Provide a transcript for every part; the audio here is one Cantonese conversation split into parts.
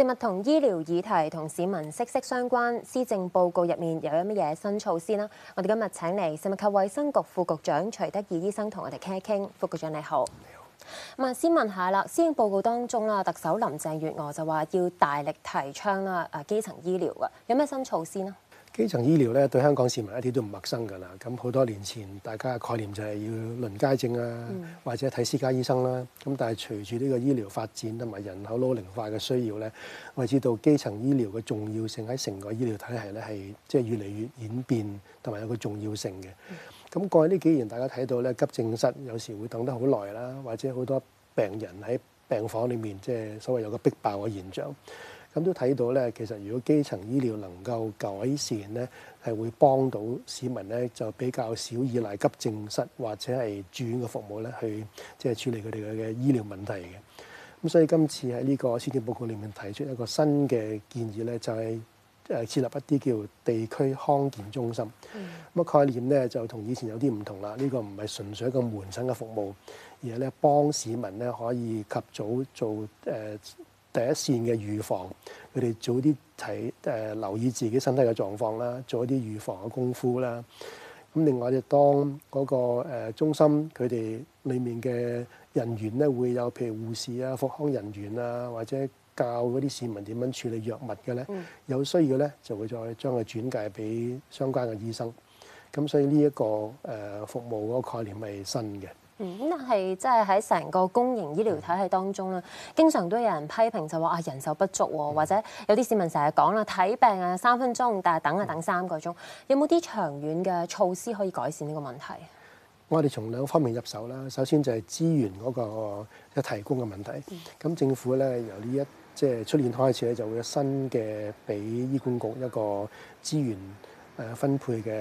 食物同醫療議題同市民息息相關，施政報告入面又有乜嘢新措施呢？我哋今日請嚟食物及衛生局副局長徐德義醫生同我哋傾一傾。副局長你好，你好。咁啊，先問下啦，施政報告當中啦，特首林鄭月娥就話要大力提倡啦，啊，基層醫療嘅有咩新措施呢？基層醫療咧對香港市民一啲都唔陌生㗎啦，咁好多年前大家嘅概念就係要輪街症啊，嗯、或者睇私家醫生啦，咁但係隨住呢個醫療發展同埋人口老齡化嘅需要咧，我哋知道基層醫療嘅重要性喺成個醫療體系咧係即係越嚟越演變同埋有個重要性嘅。咁過去呢幾年大家睇到咧，急症室有時會等得好耐啦，或者好多病人喺病房裡面即係、就是、所謂有個逼爆嘅現象。咁都睇到咧，其實如果基層醫療能夠改善咧，係會幫到市民咧，就比較少依賴急症室或者係住院嘅服務咧，去即係、就是、處理佢哋嘅醫療問題嘅。咁所以今次喺呢個施政報告裏面提出一個新嘅建議咧，就係、是、設立一啲叫地區康健中心。咁、嗯、嘅概念咧就同以前有啲唔同啦。呢、這個唔係純粹一個門診嘅服務，而係咧幫市民咧可以及早做誒。呃第一線嘅預防，佢哋早啲睇誒留意自己身體嘅狀況啦，做一啲預防嘅功夫啦。咁另外就當嗰、嗰個、呃、中心佢哋裡面嘅人員咧，會有譬如護士啊、復康人員啊，或者教嗰啲市民點樣處理藥物嘅咧、嗯，有需要咧就會再將佢轉介俾相關嘅醫生。咁所以呢、這、一個誒、呃、服務個概念係新嘅。咁但係即係喺成個公營醫療體系當中咧，經常都有人批評就話啊人手不足喎，或者有啲市民成日講啦睇病啊三分鐘，但係等啊等三個鐘，有冇啲長遠嘅措施可以改善呢個問題？我哋從兩方面入手啦。首先就係資源嗰個一提供嘅問題。咁政府咧由呢一即係出年開始咧就會有新嘅俾醫管局一個資源。誒分配嘅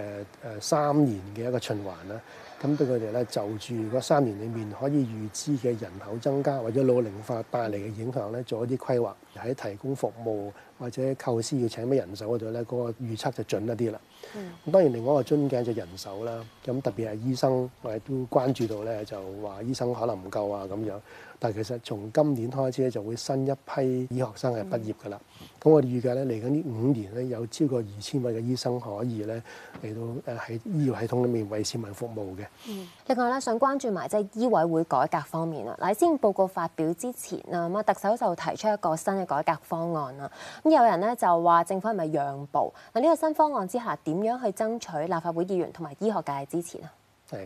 誒三年嘅一個循環啦，咁對佢哋咧就住嗰三年裏面可以預支嘅人口增加或者老齡化帶嚟嘅影響咧，做一啲規劃喺提供服務或者構思要請咩人手嗰度咧，嗰個預測就準一啲啦。咁、嗯、當然另外一個樽頸就人手啦，咁特別係醫生，我哋都關注到咧，就話醫生可能唔夠啊咁樣。但其實從今年開始咧，就會新一批醫學生係畢業㗎啦、嗯。咁我哋預計咧嚟緊呢五年咧，有超過二千位嘅醫生可以咧嚟到誒喺醫療系統裡面為市民服務嘅、嗯。另外咧，想關注埋即係醫委會改革方面啊。嗱，施政報告發表之前啊，咁啊特首就提出一個新嘅改革方案啦。咁有人咧就話政府係咪讓步？嗱，呢個新方案之下點樣去爭取立法會議員同埋醫學界嘅支持啊？係。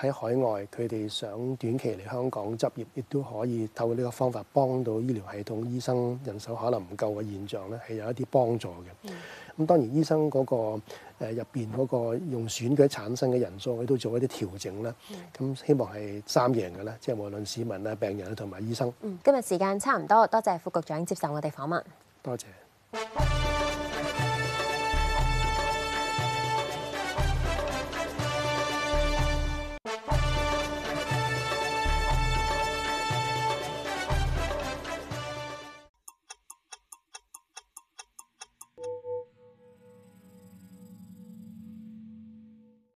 喺海外，佢哋想短期嚟香港執業亦都可以透過呢個方法幫到醫療系統，醫生人手可能唔夠嘅現象咧，係有一啲幫助嘅。咁、嗯、當然醫生嗰、嗰個誒入邊嗰個用選舉產生嘅人數佢都做一啲調整啦。咁、嗯、希望係三贏嘅啦，即係無論市民啊、病人啊同埋醫生。嗯、今日時間差唔多，多謝副局長接受我哋訪問，多謝。